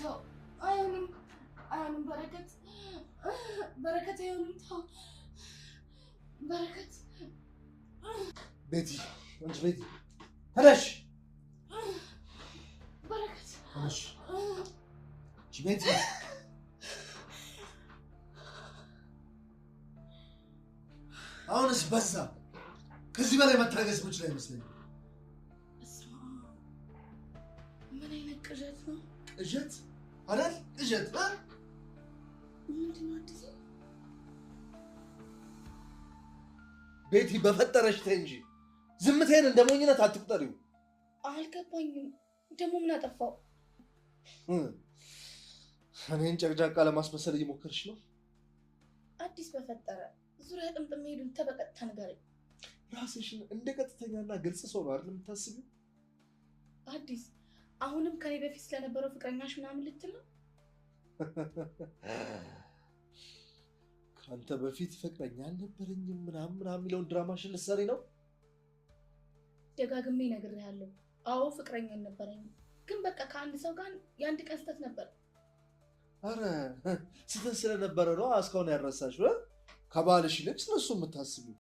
ተው፣ አይሆንም፣ አይሆንም። በረከት በረከት፣ አይሆንም። ተው በረከት። ቤቲ አንቺ ቤቲ ተነሽ። በረከት ተነሽ። ቤቲ አሁንስ በዛ። ከዚህ በላይ መታገስ የምችል አይመስለኝም። ምን አይነት ቅዠት ነው? ቅዠት አይደል? ቅዠት ምንድን ነው? አዲስ ቤቲ በፈጠረሽ ተይ እንጂ ዝምታዬን እንደ ሞኝነት አትቁጠሪው። አልገባኝም። ደግሞ ምን አጠፋው? እኔን ጨቅጫቃ ለማስመሰል እየሞከርሽ ነው? አዲስ በፈጠረ ዙሪያ ጥምጥም ሄዱን ተበቀጥታ ንገረኝ። ራስሽን እንደ ቀጥተኛና ግልጽ ሰው ነው አይደል የምታስቢው? አዲስ አሁንም ከኔ በፊት ስለነበረው ፍቅረኛሽ ምናምን ልትል ነው? ከአንተ በፊት ፍቅረኛ አልነበረኝም ምናምን ምናምን የሚለውን ድራማሽን ልትሰሪ ነው? ደጋግሜ እነግርሃለሁ። አዎ ፍቅረኛ አልነበረኝም፣ ግን በቃ ከአንድ ሰው ጋር የአንድ ቀን ስተት ነበር። አረ ስተት ስለነበረ ነው እስካሁን ያረሳሽ። ከባልሽ ይልቅ ስለሱ የምታስቢው